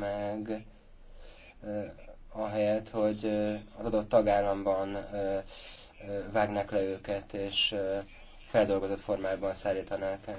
meg, ahelyett, hogy az adott tagállamban vágnak le őket, és feldolgozott formában szállítanák el.